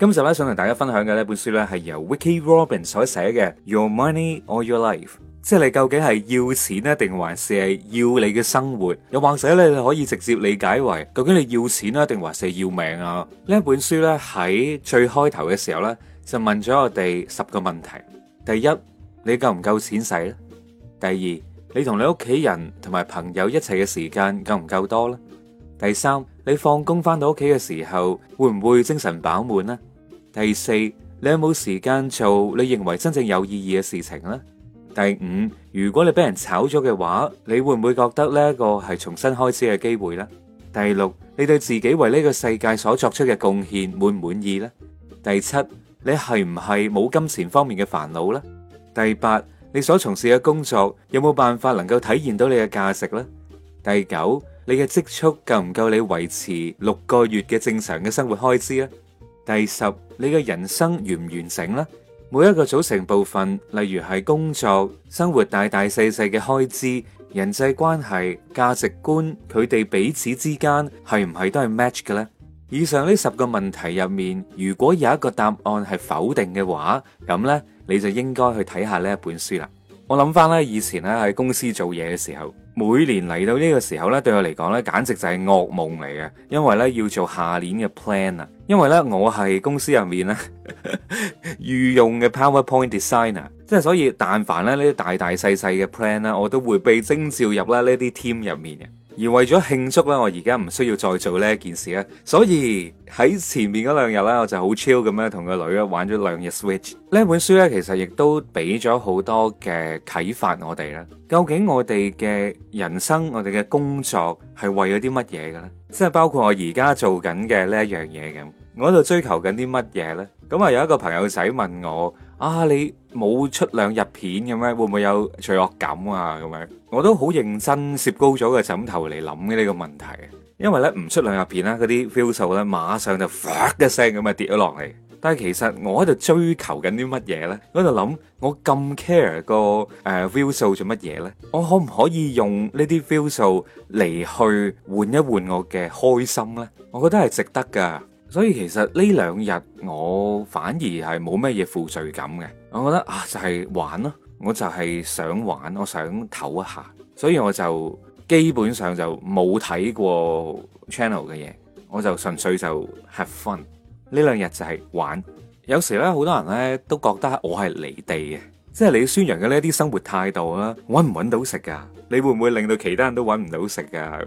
今日咧想同大家分享嘅呢本書咧，係由 Vicki Robin 所寫嘅《Your Money or Your Life》，即係你究竟係要錢咧，定還是係要你嘅生活？又或者你你可以直接理解為，究竟你要錢啊，定還是要命啊？呢本書咧喺最開頭嘅時候咧，就問咗我哋十個問題：第一，你夠唔夠錢使咧？第二，你同你屋企人同埋朋友一齊嘅時間夠唔夠多咧？第三，你放工翻到屋企嘅時候，會唔會精神飽滿咧？第四，你有冇時間做你認為真正有意義嘅事情呢？第五，如果你俾人炒咗嘅話，你會唔會覺得呢一個係重新開始嘅機會呢？第六，你對自己為呢個世界所作出嘅貢獻滿唔滿意呢？第七，你係唔係冇金錢方面嘅煩惱呢？第八，你所從事嘅工作有冇辦法能夠體現到你嘅價值呢？第九，你嘅積蓄夠唔夠你維持六個月嘅正常嘅生活開支呢？第十，你嘅人生完唔完整呢？每一個組成部分，例如係工作、生活、大大細細嘅開支、人際關係、價值觀，佢哋彼此之間係唔係都係 match 嘅咧？以上呢十個問題入面，如果有一個答案係否定嘅話，咁呢你就應該去睇下呢一本書啦。我諗翻咧，以前咧喺公司做嘢嘅時候。每年嚟到呢個時候咧，對我嚟講咧，簡直就係噩夢嚟嘅，因為咧要做下年嘅 plan 啊、er,，因為咧我係公司入面咧 御用嘅 PowerPoint designer，即係所以但凡咧呢啲大大細細嘅 plan 啦、er,，我都會被徵召入啦呢啲 team 入面嘅。而為咗慶祝咧，我而家唔需要再做呢一件事啦。所以喺前面嗰兩日咧，我就好 chill 咁咧同個女咧玩咗兩日 Switch。呢本書咧，其實亦都俾咗好多嘅啟發我哋啦。究竟我哋嘅人生，我哋嘅工作係為咗啲乜嘢嘅咧？即係包括我而家做緊嘅呢一樣嘢咁，我喺度追求緊啲乜嘢咧？咁啊，有一個朋友仔問我。啊！你冇出兩日片嘅咩？會唔會有罪惡感啊？咁樣我都好認真攝高咗個枕頭嚟諗嘅呢個問題，因為呢唔出兩日片啦，嗰啲 view 數呢馬上就霍一聲咁啊跌咗落嚟。但係其實我喺度追求緊啲乜嘢呢？我喺度諗，我咁 care 個誒 view 數做乜嘢呢？我可唔可以用呢啲 view 數嚟去換一換我嘅開心呢？我覺得係值得㗎。所以其實呢兩日我反而係冇乜嘢負罪感嘅，我覺得啊就係玩咯，我就係想玩，我想唞一下，所以我就基本上就冇睇過 channel 嘅嘢，我就純粹就 have fun。呢兩日就係玩。有時咧，好多人咧都覺得我係離地嘅，即係你宣揚嘅呢啲生活態度呀，揾唔揾到食噶？你會唔會令到其他人都揾唔到食噶？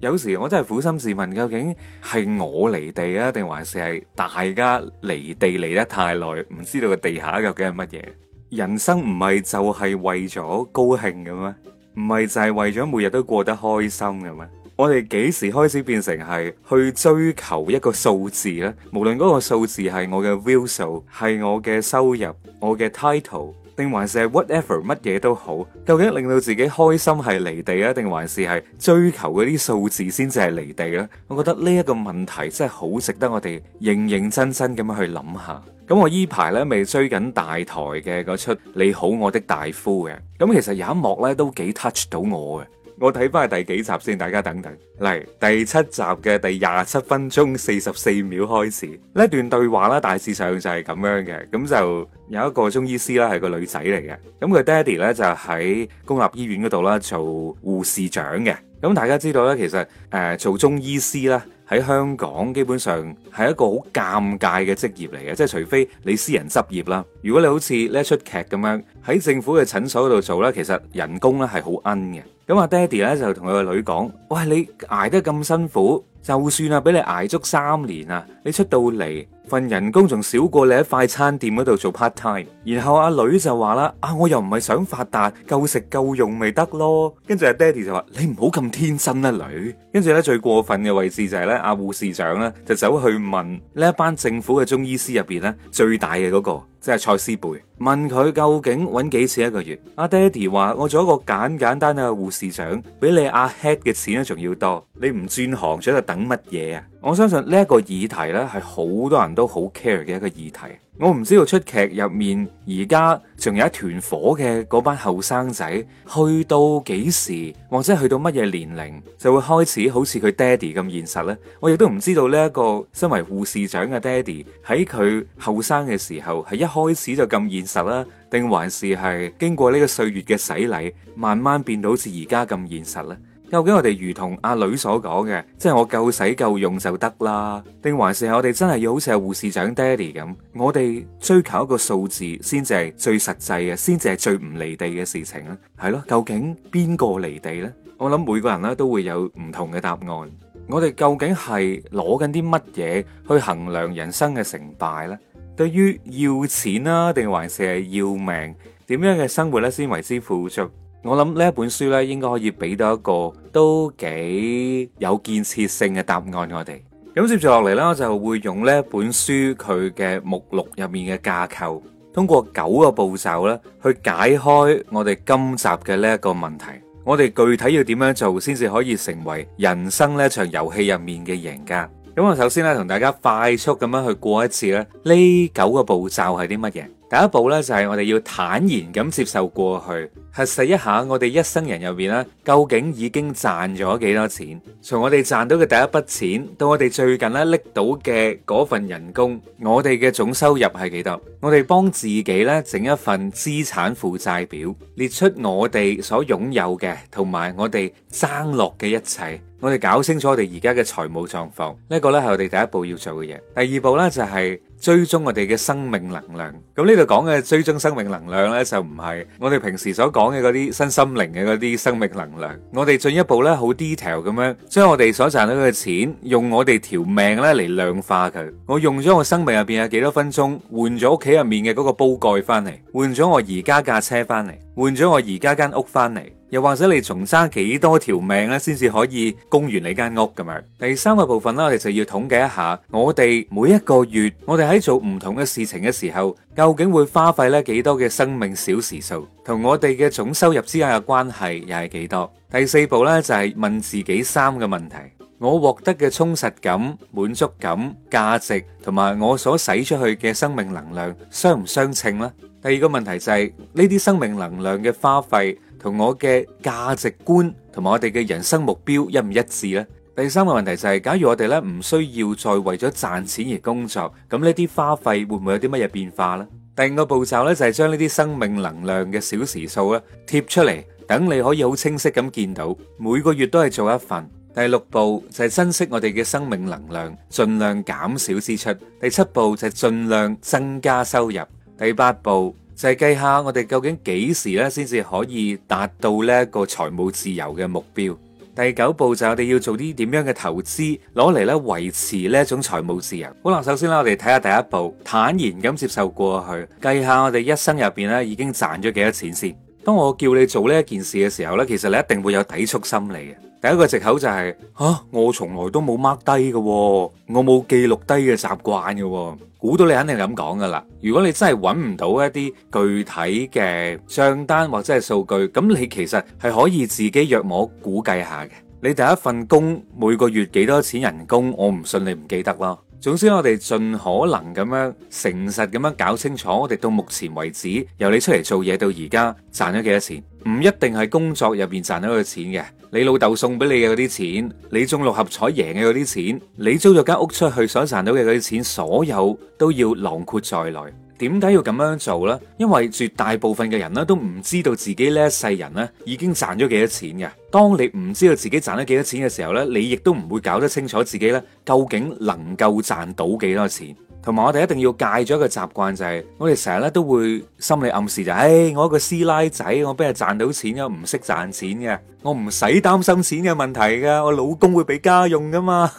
有時我真係苦心自問，究竟係我離地啊，定還是係大家離地離得太耐，唔知道個地下究竟係乜嘢？人生唔係就係為咗高興嘅咩？唔係就係為咗每日都過得開心嘅咩？我哋幾時開始變成係去追求一個數字呢？無論嗰個數字係我嘅 view 數，係我嘅收入，我嘅 title。定還是 whatever 乜嘢都好，究竟令到自己開心係離地啊，定還是係追求嗰啲數字先至係離地咧？我覺得呢一個問題真係好值得我哋認認真真咁樣去諗下。咁我依排呢未追緊大台嘅嗰出《你好，我的大夫》嘅，咁其實有一幕呢都幾 touch 到我嘅。我睇翻係第幾集先，大家等等嚟第七集嘅第廿七分鐘四十四秒開始呢段對話啦。大致上就係咁樣嘅，咁就有一個中醫師啦，係個女仔嚟嘅。咁佢爹哋咧就喺公立醫院嗰度啦做護士長嘅。咁大家知道咧，其實誒、呃、做中醫師咧喺香港基本上係一個好尷尬嘅職業嚟嘅，即係除非你私人執業啦。如果你好似呢一出劇咁樣喺政府嘅診所嗰度做咧，其實人工咧係好奀嘅。咁阿爹哋咧就同佢個女講：，喂，你挨得咁辛苦，就算啊，俾你挨足三年啊，你出到嚟份人工仲少過你喺快餐店嗰度做 part time。然後阿女就話啦：，啊，我又唔係想發達，夠食夠用咪得咯。跟住阿爹哋就話：，你唔好咁天真啊，女。跟住咧最過分嘅位置就係咧，阿護士長咧就走去問呢一班政府嘅中醫師入邊咧最大嘅嗰個。即係蔡思貝問佢究竟搵幾錢一個月？阿爹哋話我做一個簡簡單單嘅護士長，比你阿 head 嘅錢咧仲要多。你唔轉行，坐喺度等乜嘢啊？我相信呢一個議題咧，係好多人都好 care 嘅一個議題。我唔知道出劇入面而家仲有一團火嘅嗰班後生仔去到幾時，或者去到乜嘢年齡就會開始好似佢爹哋咁現實呢。我亦都唔知道呢一個身為護士長嘅爹哋喺佢後生嘅時候係一開始就咁現實啦，定還是係經過呢個歲月嘅洗禮，慢慢變到好似而家咁現實呢？究竟我哋如同阿女所講嘅，即係我夠使夠用就得啦，定還是係我哋真係要好似阿護士長爹哋咁，我哋追求一個數字先至係最實際嘅，先至係最唔離地嘅事情咧，係咯？究竟邊個離地咧？我諗每個人咧都會有唔同嘅答案。我哋究竟係攞緊啲乜嘢去衡量人生嘅成敗咧？對於要錢啊，定還是係要命？點樣嘅生活咧先為之富足？我諗呢一本書咧，應該可以俾到一個都幾有建設性嘅答案我，我哋咁。接住落嚟咧，我就會用呢本書佢嘅目錄入面嘅架構，通過九個步驟咧，去解開我哋今集嘅呢一個問題。我哋具體要點樣做，先至可以成為人生呢一場遊戲入面嘅贏家。咁，嗯，我首先呢，同大家快速咁樣去過一次咧，呢九個步驟係啲乜嘢？第一步咧，就係我哋要坦然咁接受過去，核實一下我哋一生人入邊咧，究竟已經賺咗幾多錢？從我哋賺到嘅第一筆錢到我哋最近咧拎到嘅嗰份人工，我哋嘅總收入係幾多？我哋幫自己咧整一份資產負債表，列出我哋所擁有嘅同埋我哋爭落嘅一切，我哋搞清楚我哋而家嘅財務狀況。呢個咧係我哋第一步要做嘅嘢。第二步咧，就係。追蹤我哋嘅生命能量，咁呢度講嘅追蹤生命能量呢，就唔係我哋平時所講嘅嗰啲新心靈嘅嗰啲生命能量。我哋進一步呢，好 detail 咁樣，將我哋所賺到嘅錢，用我哋條命呢嚟量化佢。我用咗我生命入邊有幾多分鐘，換咗屋企入面嘅嗰個煲蓋翻嚟，換咗我而家架車翻嚟，換咗我而家間屋翻嚟。又或者你仲差幾多條命咧，先至可以供完你間屋咁樣。第三個部分咧，我哋就要統計一下，我哋每一個月，我哋喺做唔同嘅事情嘅時候，究竟會花費咧幾多嘅生命小時數，同我哋嘅總收入之間嘅關係又係幾多？第四步咧就係問自己三個問題：我獲得嘅充實感、滿足感、價值，同埋我所使出去嘅生命能量相唔相稱咧？第二個問題就係呢啲生命能量嘅花費。同我嘅價值觀同埋我哋嘅人生目標一唔一致咧？第三個問題就係，假如我哋咧唔需要再為咗賺錢而工作，咁呢啲花費會唔會有啲乜嘢變化咧？第五個步驟咧就係將呢啲生命能量嘅小時數咧貼出嚟，等你可以好清晰咁見到每個月都係做一份。第六步就係珍惜我哋嘅生命能量，盡量減少支出。第七步就係盡量增加收入。第八步。就係計下我哋究竟幾時咧，先至可以達到呢一個財務自由嘅目標。第九步就係我哋要做啲點樣嘅投資，攞嚟咧維持呢一種財務自由。好啦，首先咧我哋睇下第一步，坦然咁接受過去，計下我哋一生入邊咧已經賺咗幾多錢先。當我叫你做呢一件事嘅時候咧，其實你一定會有抵觸心理嘅。第一個借口就係吓，我從來都冇 mark 低嘅，我冇記錄低嘅習慣嘅。估到你肯定係咁講噶啦。如果你真係揾唔到一啲具體嘅賬單或者係數據，咁你其實係可以自己約摸估計下嘅。你第一份工每個月幾多錢人工，我唔信你唔記得咯。總之，我哋盡可能咁樣誠實咁樣搞清楚，我哋到目前為止，由你出嚟做嘢到而家賺咗幾多錢？唔一定係工作入邊賺到嘅錢嘅，你老豆送俾你嘅嗰啲錢，你中六合彩贏嘅嗰啲錢，你租咗間屋出去想賺到嘅嗰啲錢，所有都要囊括在內。點解要咁樣做呢？因為絕大部分嘅人咧都唔知道自己呢一世人呢已經賺咗幾多錢嘅。當你唔知道自己賺咗幾多錢嘅時候呢，你亦都唔會搞得清楚自己呢究竟能夠賺到幾多錢。同埋我哋一定要戒咗一個習慣，就是，就係我哋成日咧都會心理暗示就是，唉、哎，我一個師奶仔，我邊係賺到錢嘅，唔識賺錢嘅，我唔使擔心錢嘅問題噶，我老公會俾家用噶嘛，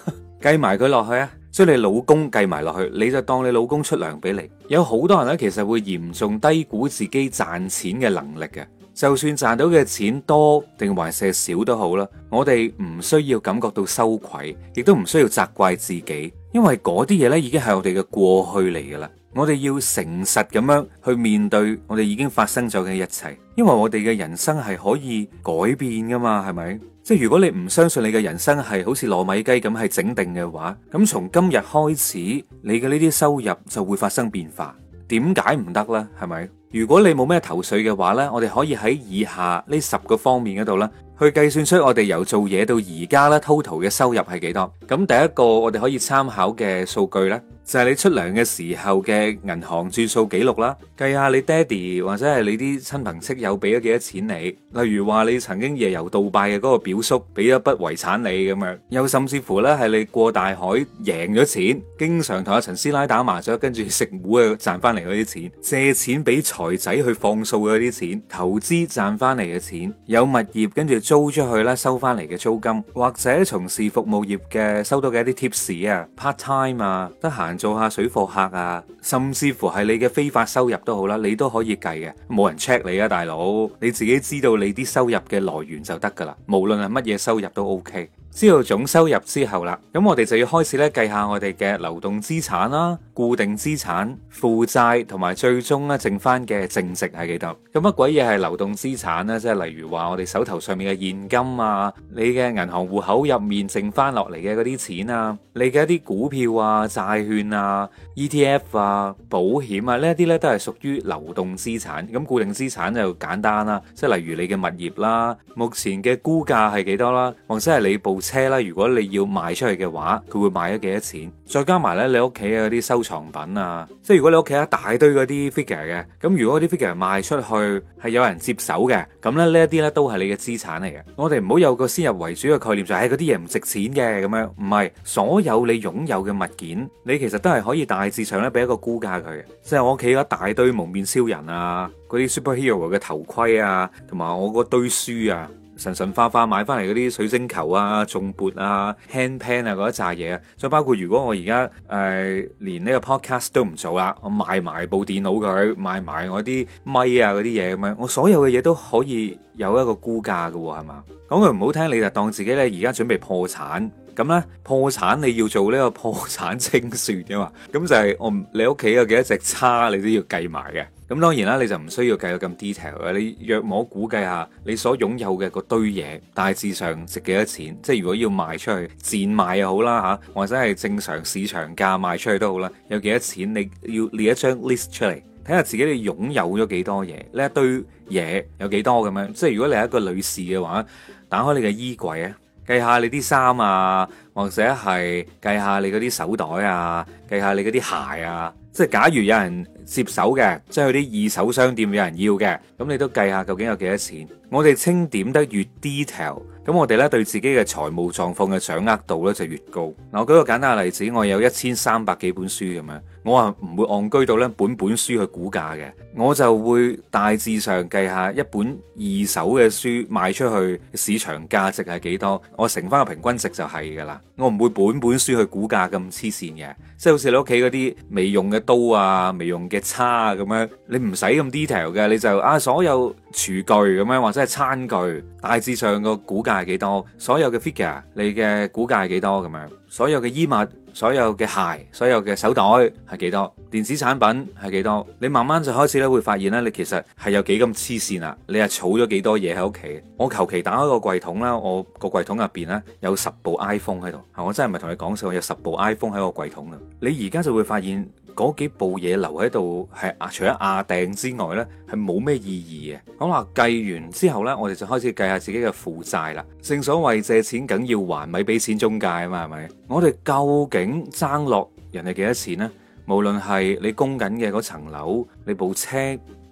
計埋佢落去啊！將你老公計埋落去，你就當你老公出糧俾你。有好多人呢，其實會嚴重低估自己賺錢嘅能力嘅。就算賺到嘅錢多定還是少都好啦，我哋唔需要感覺到羞愧，亦都唔需要責怪自己，因為嗰啲嘢呢已經係我哋嘅過去嚟噶啦。我哋要誠實咁樣去面對我哋已經發生咗嘅一切，因為我哋嘅人生係可以改變噶嘛，係咪？即係如果你唔相信你嘅人生係好似糯米雞咁係整定嘅話，咁從今日開始，你嘅呢啲收入就會發生變化。點解唔得呢？係咪？如果你冇咩頭緒嘅話呢，我哋可以喺以下呢十個方面嗰度咧，去計算出我哋由做嘢到而家咧 total 嘅收入係幾多。咁第一個我哋可以參考嘅數據呢，就係你出糧嘅時候嘅銀行轉數記錄啦，計下你爹哋或者係你啲親朋戚友俾咗幾多錢你？例如話你曾經夜遊杜拜嘅嗰個表叔俾咗筆遺產你咁樣，又甚至乎呢係你過大海贏咗錢，經常同阿陳師奶打麻雀跟住食糊啊賺翻嚟嗰啲錢，借錢俾財仔去放數嗰啲錢，投資賺翻嚟嘅錢，有物業跟住租出去啦收翻嚟嘅租金，或者從事服務業嘅收到嘅一啲 tips 啊 part time 啊得閒，做下水貨客啊，甚至乎係你嘅非法收入都好啦，你都可以計嘅，冇人 check 你啊，大佬，你自己知道你啲收入嘅來源就得噶啦，無論係乜嘢收入都 OK。invece 知道總收入之後啦，咁我哋就要開始咧計下我哋嘅流動資產啦、固定資產、負債同埋最終咧剩翻嘅淨值係幾多？咁乜鬼嘢係流動資產呢？即係例如話我哋手頭上面嘅現金啊，你嘅銀行戶口入面剩翻落嚟嘅嗰啲錢啊，你嘅一啲股票啊、債券啊、ETF 啊、保險啊，呢一啲呢都係屬於流動資產。咁固定資產就簡單啦，即係例如你嘅物業啦，目前嘅估價係幾多啦，或者係你部車啦，如果你要賣出去嘅話，佢會賣咗幾多錢？再加埋咧，你屋企嗰啲收藏品啊，即係如果你屋企一大堆嗰啲 figure 嘅，咁如果啲 figure 賣出去係有人接手嘅，咁咧呢一啲咧都係你嘅資產嚟嘅。我哋唔好有個先入為主嘅概念，就係嗰啲嘢唔值錢嘅咁樣。唔係，所有你擁有嘅物件，你其實都係可以大致上咧俾一個估價佢。即係我屋企一大堆幪面超人啊，嗰啲 superhero 嘅頭盔啊，同埋我嗰堆書啊。神神化化買翻嚟嗰啲水晶球啊、頌缽啊、hand pan 啊嗰一紮嘢，啊，再包括如果我而家誒連呢個 podcast 都唔做啦，我賣埋部電腦佢，賣埋我啲咪啊嗰啲嘢咁樣，我所有嘅嘢都可以有一個估價嘅喎，哦，係嘛？講句唔好聽，你就當自己咧而家準備破產，咁咧破產你要做呢個破產清算嘅嘛，咁就係我你屋企有幾多隻叉，你都要計埋嘅。咁當然啦，你就唔需要計到咁 detail 啊！你約莫估計下你所擁有嘅嗰堆嘢，大致上值幾多錢？即係如果要賣出去，賤賣又好啦嚇，或者係正常市場價賣出去都好啦，有幾多錢？你要列一張 list 出嚟，睇下自己你擁有咗幾多嘢？呢一堆嘢有幾多咁樣？即係如果你係一個女士嘅話，打開你嘅衣櫃啊，計下你啲衫啊，或者係計下你嗰啲手袋啊，計下你嗰啲鞋啊。即係假如有人接手嘅，即係去啲二手商店有人要嘅，咁你都計下究竟有幾多錢，我哋清點得越 detail。咁我哋咧對自己嘅財務狀況嘅掌握度咧就越高。嗱，我舉個簡單嘅例子，我有一千三百幾本書，咁樣我話唔會戇居到咧本本書去估價嘅，我就會大致上計下一本二手嘅書賣出去市場價值係幾多，我乘翻個平均值就係㗎啦。我唔會本本書去估價咁黐線嘅，即係好似你屋企嗰啲未用嘅刀啊、未用嘅叉啊咁樣，你唔使咁 detail 嘅，你就啊所有廚具咁樣或者係餐具，大致上個估價。係幾多？所有嘅 figure，你嘅股價係幾多咁樣？所有嘅衣物，所有嘅鞋，所有嘅手袋係幾多？電子產品係幾多？你慢慢就開始咧會發現咧，你其實係有幾咁黐線啊！你係儲咗幾多嘢喺屋企？我求其打開個櫃桶啦，我個櫃桶入邊咧有十部 iPhone 喺度。我真係唔係同你講笑，有十部 iPhone 喺我櫃桶啊！你而家就會發現。嗰幾部嘢留喺度係，除咗壓訂之外呢，係冇咩意義嘅。咁話計完之後呢，我哋就開始計下自己嘅負債啦。正所謂借錢梗要還，咪俾錢中介啊嘛，係咪？我哋究竟爭落人哋幾多錢呢？無論係你供緊嘅嗰層樓、你部車、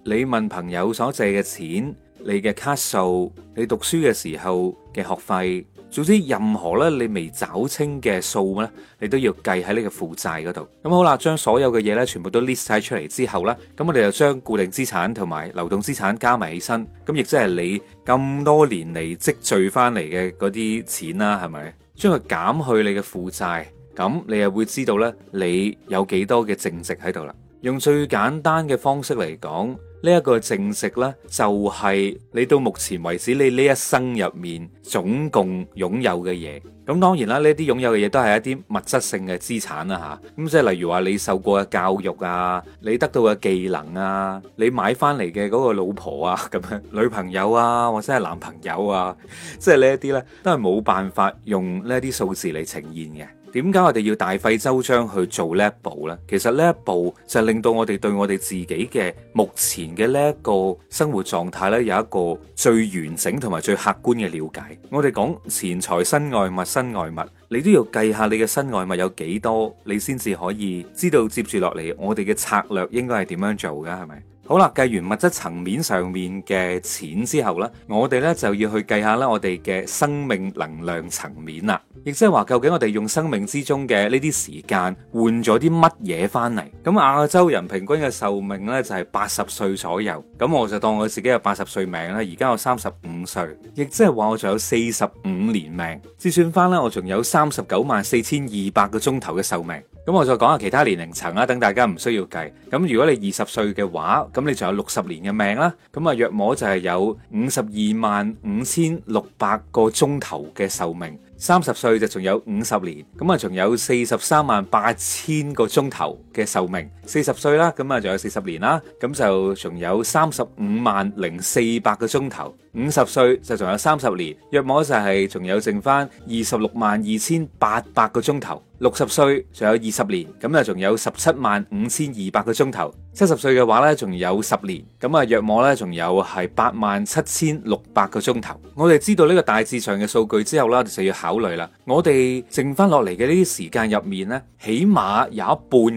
你問朋友所借嘅錢、你嘅卡數、你讀書嘅時候嘅學費。總之，任何咧你未找清嘅數咧，你都要計喺你嘅負債嗰度。咁好啦，將所有嘅嘢咧，全部都 list 晒出嚟之後咧，咁我哋就將固定資產同埋流動資產加埋起身，咁亦即係你咁多年嚟積聚翻嚟嘅嗰啲錢啦，係咪？將佢減去你嘅負債，咁你又會知道咧，你有幾多嘅淨值喺度啦。用最簡單嘅方式嚟講。呢一個淨值呢，就係、是、你到目前為止你呢一生入面總共擁有嘅嘢。咁當然啦，呢啲擁有嘅嘢都係一啲物質性嘅資產啦吓，咁、啊、即係例如話你受過嘅教育啊，你得到嘅技能啊，你買翻嚟嘅嗰個老婆啊咁樣女朋友啊，或者係男朋友啊，即係呢一啲呢，都係冇辦法用呢啲數字嚟呈現嘅。點解我哋要大費周章去做呢一步呢？其實呢一步就令到我哋對我哋自己嘅目前嘅呢一個生活狀態呢，有一個最完整同埋最客觀嘅了解。我哋講錢財身外物身外物，你都要計下你嘅身外物有幾多，你先至可以知道接住落嚟我哋嘅策略應該係點樣做噶，係咪？好啦，計完物質層面上面嘅錢之後咧，我哋呢就要去計下咧我哋嘅生命能量層面啦。亦即係話，究竟我哋用生命之中嘅呢啲時間換咗啲乜嘢翻嚟？咁亞洲人平均嘅壽命呢，就係八十歲左右。咁我就當我自己有八十歲命啦，而家我三十五歲，亦即係話我仲有四十五年命。折算翻呢，我仲有三十九萬四千二百個鐘頭嘅壽命。咁我再講下其他年齡層啦，等大家唔需要計。咁如果你二十歲嘅話，咁你仲有六十年嘅命啦。咁啊，約莫就係有五十二萬五千六百個鐘頭嘅壽命。三十歲就仲有五十年，咁啊，仲有四十三萬八千個鐘頭嘅壽命。四十歲啦，咁啊，仲有四十年啦，咁就仲有三十五萬零四百個鐘頭。五十歲就仲有三十年，約莫就係仲有剩翻二十六萬二千八百個鐘頭；六十歲仲有二十年，咁啊仲有十七萬五千二百個鐘頭；七十歲嘅話呢，仲有十年，咁啊約莫呢，仲有係八萬七千六百個鐘頭。我哋知道呢個大致上嘅數據之後呢，就要考慮啦。我哋剩翻落嚟嘅呢啲時間入面呢，起碼有一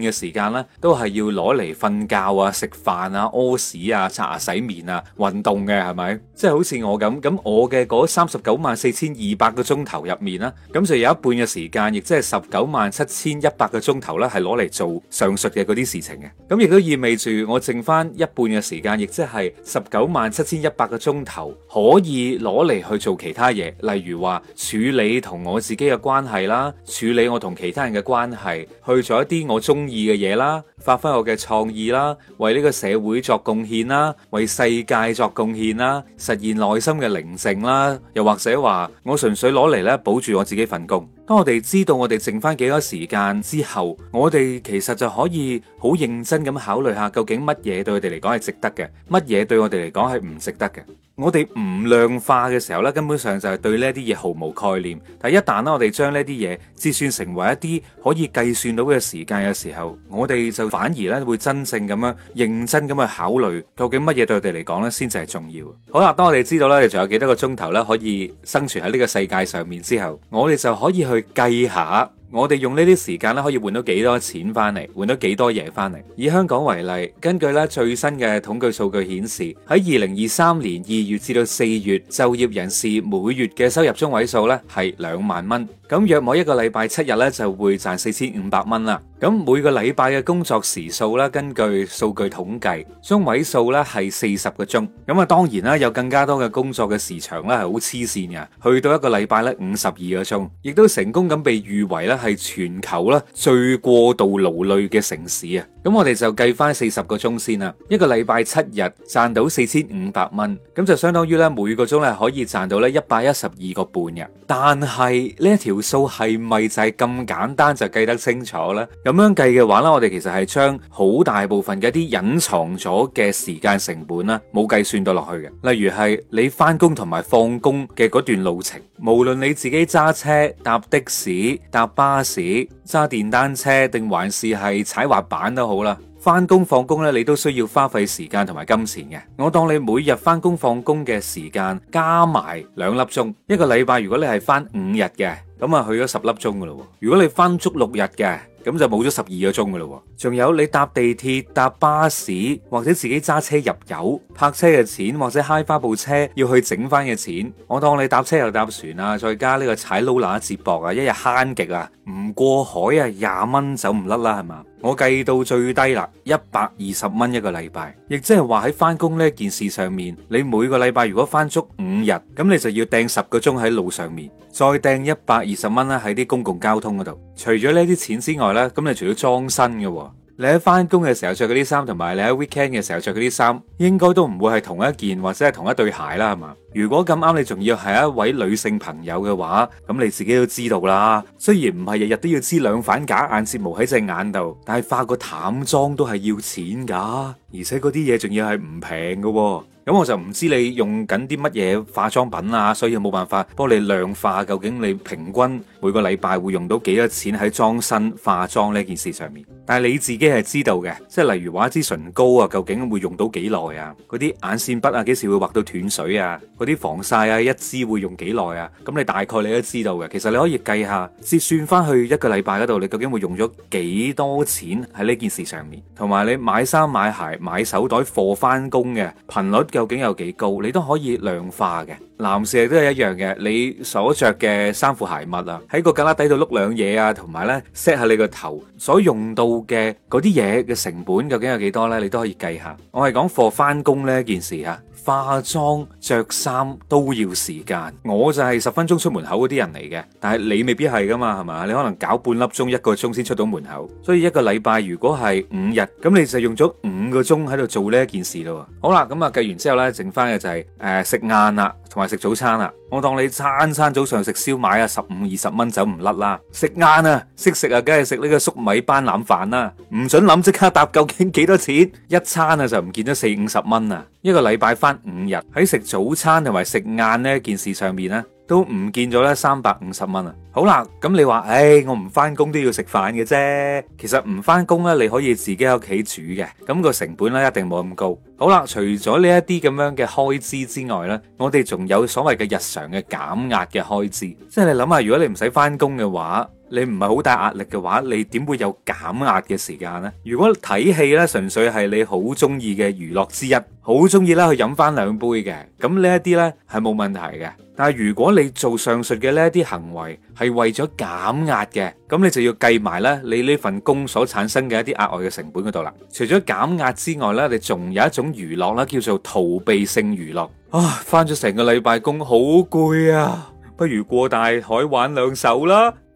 半嘅時間呢，都係要攞嚟瞓覺啊、食飯啊、屙屎啊、刷牙洗面啊、運動嘅，係咪？即係好。好似我咁，咁我嘅嗰三十九萬四千二百個鐘頭入面啦，咁就有一半嘅時間，亦即係十九萬七千一百個鐘頭咧，係攞嚟做上述嘅嗰啲事情嘅。咁亦都意味住我剩翻一半嘅時間，亦即係十九萬七千一百個鐘頭，可以攞嚟去做其他嘢，例如話處理同我自己嘅關係啦，處理我同其他人嘅關係，去做一啲我中意嘅嘢啦。發揮我嘅創意啦，為呢個社會作貢獻啦，為世界作貢獻啦，實現內心嘅寧靜啦，又或者話我純粹攞嚟咧保住我自己份工。當我哋知道我哋剩翻幾多時間之後，我哋其實就可以好認真咁考慮下，究竟乜嘢對佢哋嚟講係值得嘅，乜嘢對我哋嚟講係唔值得嘅。我哋唔量化嘅時候呢，根本上就係對呢啲嘢毫無概念。但係一旦呢，我哋將呢啲嘢折算成為一啲可以計算到嘅時間嘅時候，我哋就反而呢會真正咁樣認真咁去考慮，究竟乜嘢對我哋嚟講呢先至係重要。好啦，當我哋知道呢，仲有幾多個鐘頭呢可以生存喺呢個世界上面之後，我哋就可以去計下。我哋用呢啲時間咧，可以換到幾多錢翻嚟，換到幾多嘢翻嚟？以香港為例，根據咧最新嘅統計數據顯示，喺二零二三年二月至到四月，就業人士每月嘅收入中位數咧係兩萬蚊。咁約莫一個禮拜七日咧，就會賺四千五百蚊啦。咁每個禮拜嘅工作時數咧，根據數據統計，中位數咧係四十個鐘。咁啊，當然啦，有更加多嘅工作嘅時長咧係好黐線嘅，去到一個禮拜咧五十二個鐘，亦都成功咁被譽為咧，係全球啦最過度勞累嘅城市啊！咁我哋就計翻四十個鐘先啦，一個禮拜七日賺到四千五百蚊，咁就相當於咧每個鐘咧可以賺到咧一百一十二個半日。但係呢一條數係咪就係咁簡單就計得清楚呢？咁樣計嘅話呢，我哋其實係將好大部分嘅啲隱藏咗嘅時間成本啦，冇計算到落去嘅，例如係你翻工同埋放工嘅嗰段路程，無論你自己揸車、搭的士、搭巴。巴士、揸電單車定還是係踩滑板都好啦，翻工放工呢，你都需要花費時間同埋金錢嘅。我當你每日翻工放工嘅時間加埋兩粒鐘，一個禮拜如果你係翻五日嘅，咁啊去咗十粒鐘噶啦。如果你翻足六日嘅。咁就冇咗十二個鐘噶咯喎，仲有你搭地鐵、搭巴士或者自己揸車入油泊車嘅錢，或者揩花部車要去整翻嘅錢，我當你搭車又搭船啊，再加呢個踩老乸接駁啊，一日慳極啊，唔過海啊廿蚊走唔甩啦，係嘛？我計到最低啦，一百二十蚊一個禮拜，亦即係話喺翻工呢件事上面，你每個禮拜如果翻足五日，咁你就要掟十個鐘喺路上面，再掟一百二十蚊啦喺啲公共交通嗰度。除咗呢啲錢之外呢，咁你除咗裝身嘅，你喺翻工嘅時候着嘅啲衫，同埋你喺 weekend 嘅時候着嘅啲衫，應該都唔會係同一件或者係同一對鞋啦，係嘛？如果咁啱你仲要係一位女性朋友嘅話，咁你自己都知道啦。雖然唔係日日都要支兩反假眼睫毛喺隻眼度，但係化個淡妝都係要錢噶，而且嗰啲嘢仲要係唔平嘅。咁我就唔知你用緊啲乜嘢化妝品啦，啊，所以冇辦法幫你量化究竟你平均每個禮拜會用到幾多錢喺裝身化妝呢件事上面。但係你自己係知道嘅，即係例如畫一支唇膏啊，究竟會用到幾耐啊？嗰啲眼線筆啊，幾時會畫到斷水啊？嗰啲防曬啊，一支會用幾耐啊？咁你大概你都知道嘅。其實你可以計下，折算翻去一個禮拜嗰度，你究竟會用咗幾多錢喺呢件事上面？同埋你買衫、買鞋、買手袋、貨翻工嘅頻率究竟有幾高？你都可以量化嘅。男士亦都係一樣嘅，你所着嘅衫褲鞋襪啊，喺個夾旯底度碌兩嘢啊，同埋呢 set 下你個頭所用到嘅嗰啲嘢嘅成本究竟有幾多呢？你都可以計下。我係講貨翻工呢件事吓。化妝、著衫都要時間，我就係十分鐘出門口嗰啲人嚟嘅，但係你未必係㗎嘛，係咪？你可能搞半粒鐘一個鐘先出到門口，所以一個禮拜如果係五日，咁你就用咗五個鐘喺度做呢一件事咯。好啦，咁啊計完之後咧，剩翻嘅就係誒食晏啦，同埋食早餐啦。我當你餐餐早上食燒賣啊，十五二十蚊走唔甩啦。食晏啊，識食啊，梗係食呢個粟米斑腩飯啦，唔準諗即刻答究竟幾多錢，一餐啊就唔見咗四五十蚊啊，一個禮拜翻五日喺食早餐同埋食晏呢件事上面呢，都唔見咗呢三百五十蚊啊！好啦，咁你話，唉，我唔翻工都要食飯嘅啫。其實唔翻工呢，你可以自己喺屋企煮嘅，咁個成本呢一定冇咁高。好啦，除咗呢一啲咁樣嘅開支之外呢，我哋仲有所謂嘅日常嘅減壓嘅開支，即係你諗下，如果你唔使翻工嘅話。你唔係好大壓力嘅話，你點會有減壓嘅時間呢？如果睇戲咧，純粹係你好中意嘅娛樂之一，好中意啦去飲翻兩杯嘅，咁呢一啲呢係冇問題嘅。但係如果你做上述嘅呢一啲行為係為咗減壓嘅，咁你就要計埋呢你呢份工所產生嘅一啲額外嘅成本嗰度啦。除咗減壓之外呢，你仲有一種娛樂啦，叫做逃避性娛樂。啊，翻咗成個禮拜工好攰啊，不如過大海玩兩手啦～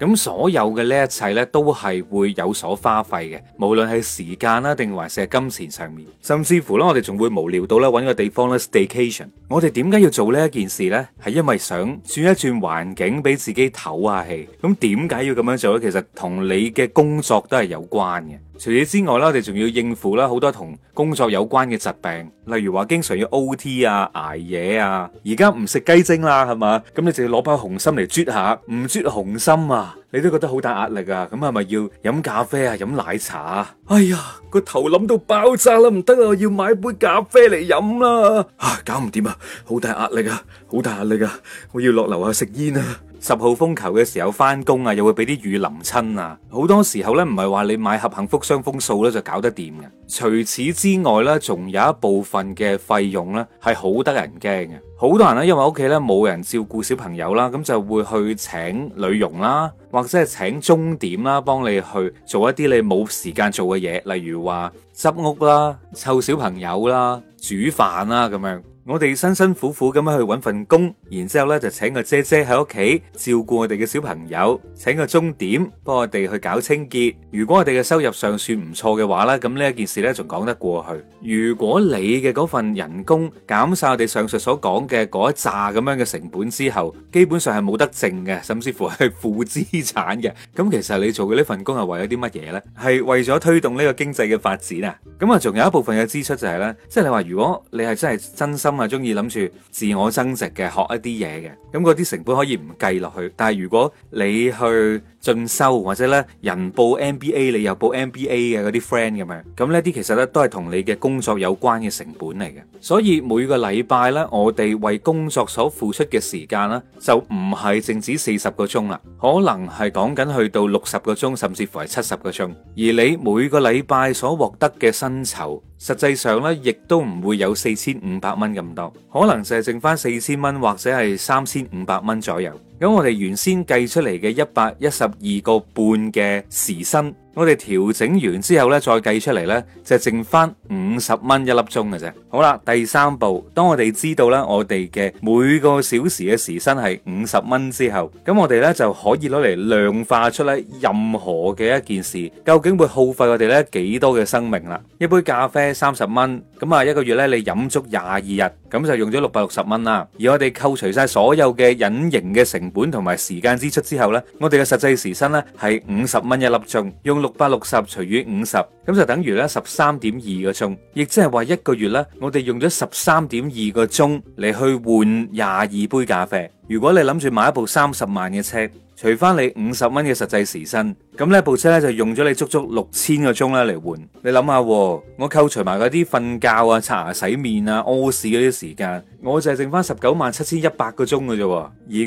咁所有嘅呢一切呢，都係會有所花費嘅，無論係時間啦，定還是係金錢上面，甚至乎呢，我哋仲會無聊到咧，搵個地方 staycation。我哋點解要做呢一件事呢？係因為想轉一轉環境，俾自己唞下氣。咁點解要咁樣做呢？其實同你嘅工作都係有關嘅。除此之外啦，我哋仲要應付啦好多同工作有關嘅疾病，例如話經常要 OT 啊、捱夜啊。而家唔食雞精啦，係嘛？咁你就要攞包紅心嚟啜下，唔啜紅心啊！你都覺得好大壓力啊？咁係咪要飲咖啡啊？飲奶茶啊？哎呀，個頭諗到爆炸啦！唔得啊，我要買杯咖啡嚟飲啊！啊，搞唔掂啊！好大壓力啊！好大壓力啊！我要落樓下食煙啊！十號風球嘅時候翻工啊，又會俾啲雨淋親啊，好多時候呢，唔係話你買盒幸福傷風散呢就搞得掂嘅。除此之外呢，仲有一部分嘅費用呢係好得人驚嘅。好多人呢，因為屋企呢冇人照顧小朋友啦，咁就會去請女傭啦，或者係請鐘點啦，幫你去做一啲你冇時間做嘅嘢，例如話執屋啦、湊小朋友啦、煮飯啦咁樣。我哋辛辛苦苦咁樣去揾份工，然之後呢，就請個姐姐喺屋企照顧我哋嘅小朋友，請個鐘點幫我哋去搞清潔。如果我哋嘅收入尚算唔錯嘅話呢，咁呢一件事呢，仲講得過去。如果你嘅嗰份人工減晒我哋上述所講嘅嗰一紮咁樣嘅成本之後，基本上係冇得剩嘅，甚至乎係負資產嘅。咁其實你做嘅呢份工係為咗啲乜嘢呢？係為咗推動呢個經濟嘅發展啊！咁啊，仲有一部分嘅支出就係呢，即係你話如果你係真係真心。咁啊，係中意諗住自我增值嘅，學一啲嘢嘅，咁嗰啲成本可以唔計落去。但係如果你去，進修或者咧人報 MBA，你又報 MBA 嘅嗰啲 friend 咁樣，咁咧啲其實咧都係同你嘅工作有關嘅成本嚟嘅。所以每個禮拜咧，我哋為工作所付出嘅時間啦，就唔係淨止四十個鐘啦，可能係講緊去到六十個鐘，甚至乎係七十個鐘。而你每個禮拜所獲得嘅薪酬，實際上咧亦都唔會有四千五百蚊咁多，可能就係剩翻四千蚊或者係三千五百蚊左右。咁我哋原先計出嚟嘅一百一十。二個半嘅時薪，我哋調整完之後呢，再計出嚟，呢就剩翻五十蚊一粒鐘嘅啫。好啦，第三步，當我哋知道呢，我哋嘅每個小時嘅時薪係五十蚊之後，咁我哋呢就可以攞嚟量化出呢任何嘅一件事，究竟會耗費我哋呢幾多嘅生命啦。一杯咖啡三十蚊，咁啊，一個月呢，你飲足廿二日。咁就用咗六百六十蚊啦，而我哋扣除晒所有嘅隱形嘅成本同埋時間支出之後呢，我哋嘅實際時薪呢係五十蚊一粒鐘，用六百六十除於五十，咁就等於呢十三點二個鐘，亦即係話一個月呢，我哋用咗十三點二個鐘嚟去換廿二杯咖啡。如果你諗住買一部三十萬嘅車。除翻你五十蚊嘅實際時薪，咁呢部車呢就用咗你足足六千個鐘啦嚟換。你諗下，我扣除埋嗰啲瞓覺啊、刷牙、洗面啊、屙屎嗰啲時間，我就係剩翻十九萬七千一百個鐘嘅啫。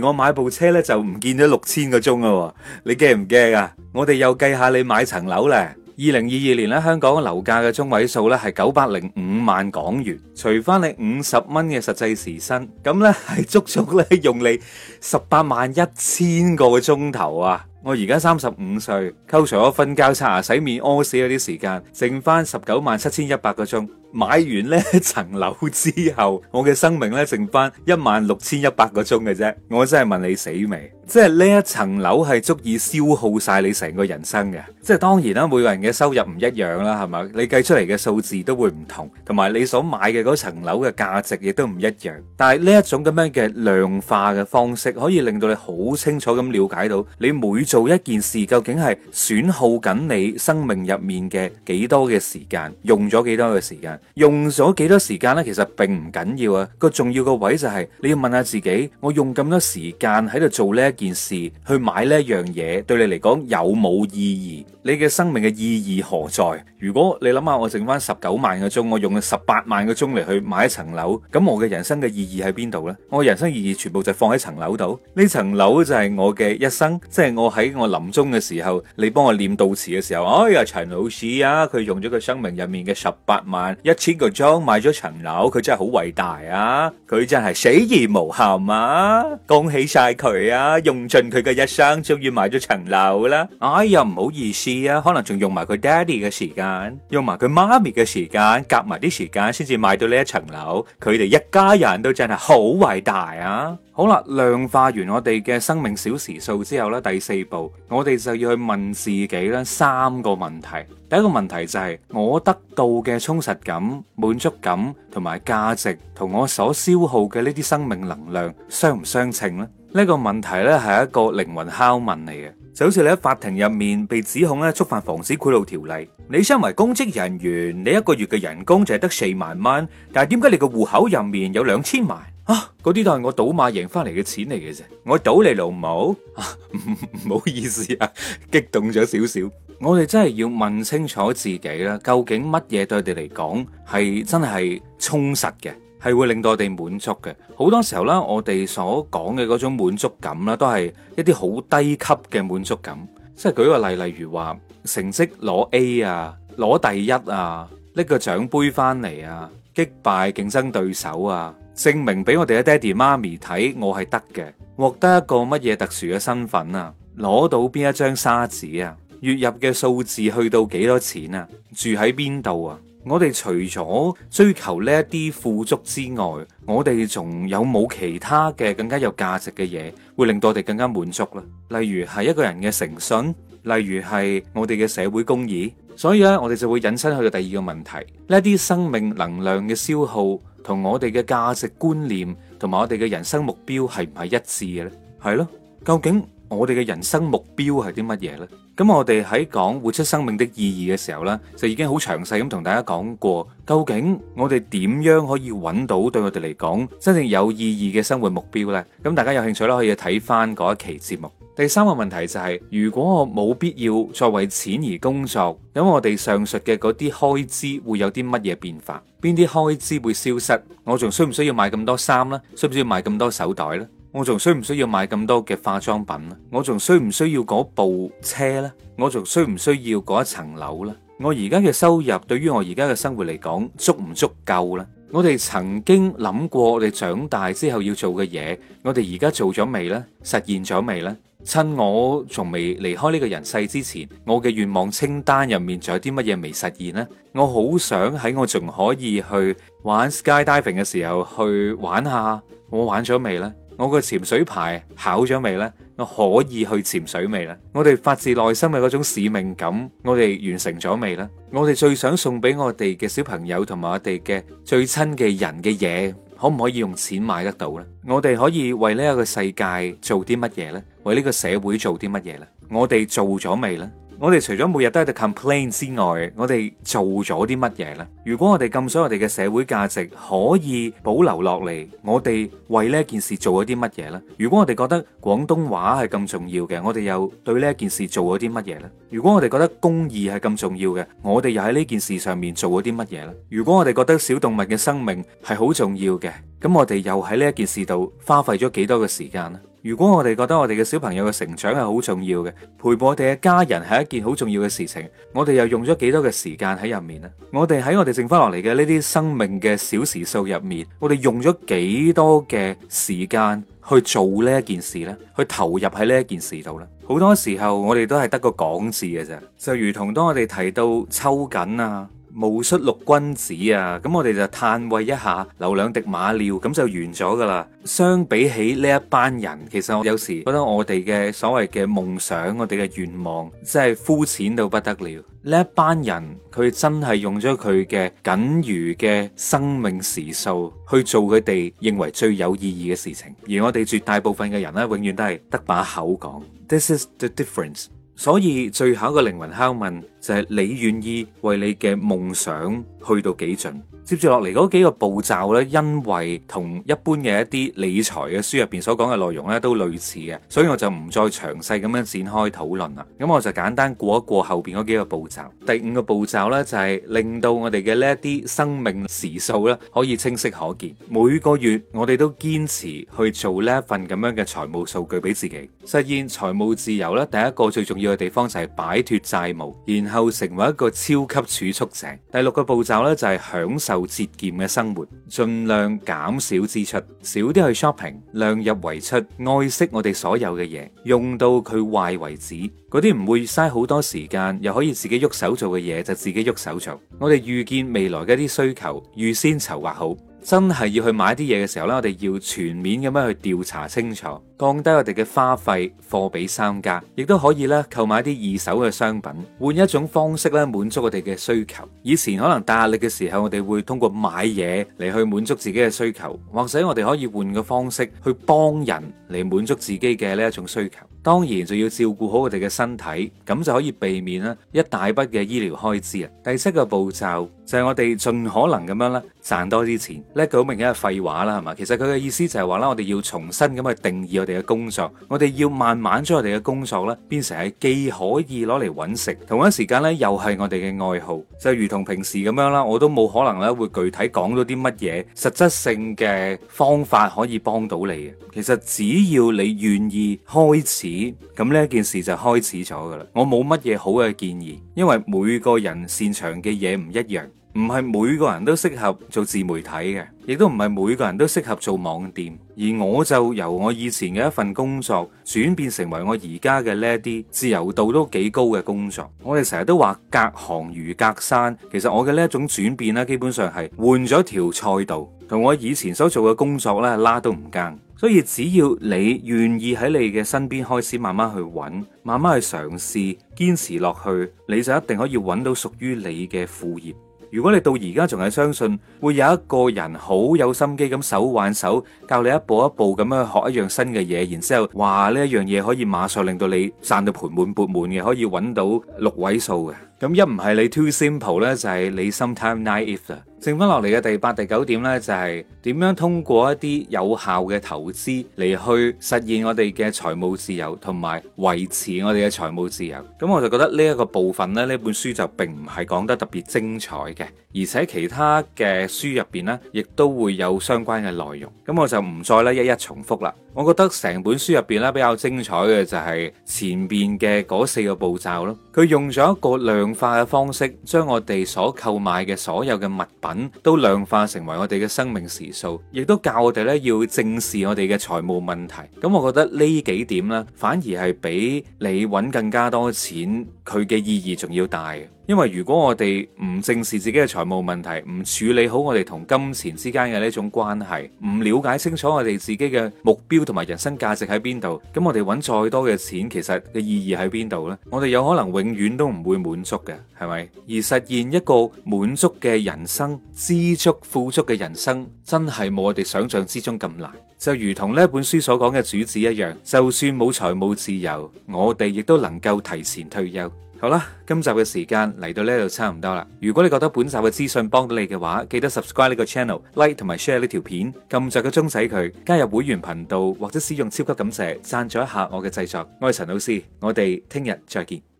而我買部車呢，就唔見咗六千個鐘咯。你驚唔驚啊？我哋又計下你買層樓咧。二零二二年咧，香港嘅樓價嘅中位數咧，係九百零五萬港元，除翻你五十蚊嘅實際時薪，咁咧，係足足咧，用你十八萬一千個鐘頭啊！我而家三十五歲，扣除我瞓覺、刷牙、洗面、屙屎嗰啲時間，剩翻十九萬七千一百個鐘。買完呢一層樓之後，我嘅生命咧剩翻一萬六千一百個鐘嘅啫。我真係問你，死未？即係呢一層樓係足以消耗晒你成個人生嘅。即係當然啦，每個人嘅收入唔一樣啦，係嘛？你計出嚟嘅數字都會唔同，同埋你所買嘅嗰層樓嘅價值亦都唔一樣。但係呢一種咁樣嘅量化嘅方式，可以令到你好清楚咁了解到，你每做一件事究竟係損耗緊你生命入面嘅幾多嘅時間，用咗幾多嘅時間。用咗幾多時間呢？其實並唔緊要啊。個重要個位就係你要問下自己：我用咁多時間喺度做呢一件事，去買呢一樣嘢，對你嚟講有冇意義？你嘅生命嘅意義何在？如果你諗下，我剩翻十九萬個鐘，我用咗十八萬個鐘嚟去買一層樓，咁我嘅人生嘅意義喺邊度呢？我人生意義全部就放喺層樓度，呢層樓就係我嘅一生，即係我喺我臨終嘅時候，你幫我念悼詞嘅時候，哎呀，陳老師啊，佢用咗佢生命入面嘅十八萬一。千個鐘買咗層樓，佢真係好偉大啊！佢真係死而無憾啊！恭喜晒佢啊！用盡佢嘅一生，終於買咗層樓啦！哎呀，唔好意思啊，可能仲用埋佢爹哋嘅時間，用埋佢媽咪嘅時間，夾埋啲時間，先至買到呢一層樓。佢哋一家人都真係好偉大啊！好啦，量化完我哋嘅生命小時數之後咧，第四步我哋就要去問自己咧三個問題。第一個問題就係我得到嘅充實感、滿足感同埋價值，同我所消耗嘅呢啲生命能量相唔相稱咧？呢個問題咧係一個靈魂拷問嚟嘅，就好似你喺法庭入面被指控咧觸犯防止賄賂條例，你身為公職人員，你一個月嘅人工就係得四萬蚊，但係點解你個戶口入面有兩千萬？啊！嗰啲都係我賭馬贏翻嚟嘅錢嚟嘅啫，我賭你老母啊！唔唔好意思啊，激動咗少少。我哋真係要問清楚自己啦，究竟乜嘢對我哋嚟講係真係充實嘅，係會令到我哋滿足嘅。好多時候咧，我哋所講嘅嗰種滿足感啦，都係一啲好低級嘅滿足感。即係舉個例，例如話成績攞 A 啊，攞第一啊，拎個獎杯翻嚟啊，擊敗競爭對手啊。證明俾我哋嘅爹地媽咪睇，我係得嘅，獲得一個乜嘢特殊嘅身份啊？攞到邊一張沙紙啊？月入嘅數字去到幾多錢啊？住喺邊度啊？我哋除咗追求呢一啲富足之外，我哋仲有冇其他嘅更加有價值嘅嘢，會令到我哋更加滿足啦、啊？例如係一個人嘅誠信，例如係我哋嘅社會公義。所以咧、啊，我哋就會引申去到第二個問題：呢啲生命能量嘅消耗。同我哋嘅價值觀念同埋我哋嘅人生目標係唔係一致嘅呢？係咯，究竟我哋嘅人生目標係啲乜嘢呢？咁我哋喺講活出生命嘅意義嘅時候呢，就已經好詳細咁同大家講過，究竟我哋點樣可以揾到對我哋嚟講真正有意義嘅生活目標呢？咁大家有興趣咧，可以睇翻嗰一期節目。第三個問題就係，如果我冇必要再為錢而工作，咁我哋上述嘅嗰啲開支會有啲乜嘢變化？邊啲開支會消失？我仲需唔需要買咁多衫呢？需唔需要買咁多手袋呢？我仲需唔需要買咁多嘅化妝品呢？我仲需唔需要嗰部車呢？我仲需唔需要嗰一層樓呢？我而家嘅收入對於我而家嘅生活嚟講足唔足夠呢？我哋曾經諗過我哋長大之後要做嘅嘢，我哋而家做咗未呢？實現咗未呢？趁我仲未離開呢個人世之前，我嘅願望清單入面仲有啲乜嘢未實現呢？我好想喺我仲可以去玩 skydiving 嘅時候去玩下，我玩咗未呢？我個潛水牌考咗未呢？我可以去潛水未呢？我哋發自內心嘅嗰種使命感，我哋完成咗未呢？我哋最想送俾我哋嘅小朋友同埋我哋嘅最親嘅人嘅嘢，可唔可以用錢買得到呢？我哋可以為呢一個世界做啲乜嘢呢？為呢個社會做啲乜嘢咧？我哋做咗未呢？我哋除咗每日都喺度 complain 之外，我哋做咗啲乜嘢咧？如果我哋咁想，我哋嘅社會價值可以保留落嚟，我哋為呢件事做咗啲乜嘢咧？如果我哋覺得廣東話係咁重要嘅，我哋又對呢件事做咗啲乜嘢咧？如果我哋覺得公義係咁重要嘅，我哋又喺呢件事上面做咗啲乜嘢咧？如果我哋覺得小動物嘅生命係好重要嘅，咁我哋又喺呢一件事度花費咗幾多嘅時間呢？如果我哋覺得我哋嘅小朋友嘅成長係好重要嘅，陪伴我哋嘅家人係一件好重要嘅事情，我哋又用咗幾多嘅時間喺入面呢？我哋喺我哋剩翻落嚟嘅呢啲生命嘅小時數入面，我哋用咗幾多嘅時間去做呢一件事呢？去投入喺呢一件事度呢？好多時候我哋都係得個講字嘅啫，就如同當我哋提到抽筋啊。戊戌六君子啊！咁我哋就嘆謂一下，留兩滴馬尿咁就完咗㗎喇。相比起呢一班人，其實我有時覺得我哋嘅所謂嘅夢想，我哋嘅願望，真係膚淺到不得了。呢一班人佢真係用咗佢嘅僅餘嘅生命時數去做佢哋認為最有意義嘅事情，而我哋絕大部分嘅人呢，永遠都係得把口講。This is the difference。所以最後一個靈魂拷問。就係你願意為你嘅夢想去到幾盡？接住落嚟嗰幾個步驟呢，因為同一般嘅一啲理財嘅書入邊所講嘅內容呢都類似嘅，所以我就唔再詳細咁樣展開討論啦。咁我就簡單過一過後邊嗰幾個步驟。第五個步驟呢，就係令到我哋嘅呢一啲生命時數呢可以清晰可見。每個月我哋都堅持去做呢一份咁樣嘅財務數據俾自己，實現財務自由呢，第一個最重要嘅地方就係擺脫債務，然。然後成為一個超級儲蓄者。第六個步驟咧就係享受節儉嘅生活，盡量減少支出，少啲去 shopping，量入為出，愛惜我哋所有嘅嘢，用到佢壞為止。嗰啲唔會嘥好多時間，又可以自己喐手做嘅嘢就自己喐手做。我哋預見未來嘅一啲需求，預先籌劃好。真係要去買啲嘢嘅時候咧，我哋要全面咁樣去調查清楚。降低我哋嘅花費，貨比三家，亦都可以咧購買啲二手嘅商品，換一種方式咧滿足我哋嘅需求。以前可能大壓力嘅時候，我哋會通過買嘢嚟去滿足自己嘅需求，或者我哋可以換個方式去幫人嚟滿足自己嘅呢一種需求。當然就要照顧好我哋嘅身體，咁就可以避免咧一大筆嘅醫療開支啊！第七個步驟就係、是、我哋盡可能咁樣咧賺多啲錢，呢句好明顯梗係廢話啦，係嘛？其實佢嘅意思就係話啦，我哋要重新咁去定義我哋嘅工作，我哋要慢慢將我哋嘅工作咧，變成係既可以攞嚟揾食，同一時間咧又係我哋嘅愛好，就如同平時咁樣啦。我都冇可能咧會具體講到啲乜嘢實質性嘅方法可以幫到你嘅。其實只要你願意開始，咁呢件事就開始咗噶啦。我冇乜嘢好嘅建議，因為每個人擅長嘅嘢唔一樣。唔係每個人都適合做自媒體嘅，亦都唔係每個人都適合做網店。而我就由我以前嘅一份工作轉變成為我而家嘅呢啲自由度都幾高嘅工作。我哋成日都話隔行如隔山，其實我嘅呢一種轉變咧，基本上係換咗條賽道，同我以前所做嘅工作咧拉都唔更。所以只要你願意喺你嘅身邊開始慢慢去揾，慢慢去嘗試，堅持落去，你就一定可以揾到屬於你嘅副業。如果你到而家仲係相信會有一個人好有心機咁手挽手教你一步一步咁樣學一樣新嘅嘢，然之後話呢一樣嘢可以馬上令到你賺到盆滿缽滿嘅，可以揾到六位數嘅，咁一唔係你 too simple 呢，就係你 sometimes naive 啦。剩翻落嚟嘅第八、第九點呢，就係點樣通過一啲有效嘅投資嚟去實現我哋嘅財務自由，同埋維持我哋嘅財務自由。咁我就覺得呢一個部分呢，呢本書就並唔係講得特別精彩嘅，而且其他嘅書入邊呢，亦都會有相關嘅內容。咁我就唔再咧一一重複啦。我覺得成本書入邊咧比較精彩嘅就係前邊嘅嗰四個步驟咯。佢用咗一個量化嘅方式，將我哋所購買嘅所有嘅物品。都量化成為我哋嘅生命時數，亦都教我哋咧要正視我哋嘅財務問題。咁，我覺得呢幾點咧，反而係比你揾更加多錢，佢嘅意義仲要大。因為如果我哋唔正視自己嘅財務問題，唔處理好我哋同金錢之間嘅呢種關係，唔了解清楚我哋自己嘅目標同埋人生價值喺邊度，咁我哋揾再多嘅錢，其實嘅意義喺邊度呢？我哋有可能永遠都唔會滿足嘅，係咪？而實現一個滿足嘅人生，知足富足嘅人生，真係冇我哋想象之中咁難。就如同呢本書所講嘅主旨一樣，就算冇財務自由，我哋亦都能夠提前退休。好啦，今集嘅時間嚟到呢度差唔多啦。如果你覺得本集嘅資訊幫到你嘅話，記得 subscribe 呢個 channel，like 同埋 share 呢條片，撳着個鐘仔佢，加入會員頻道或者使用超級感謝，贊助一下我嘅製作。我係陳老 C，我哋聽日再見。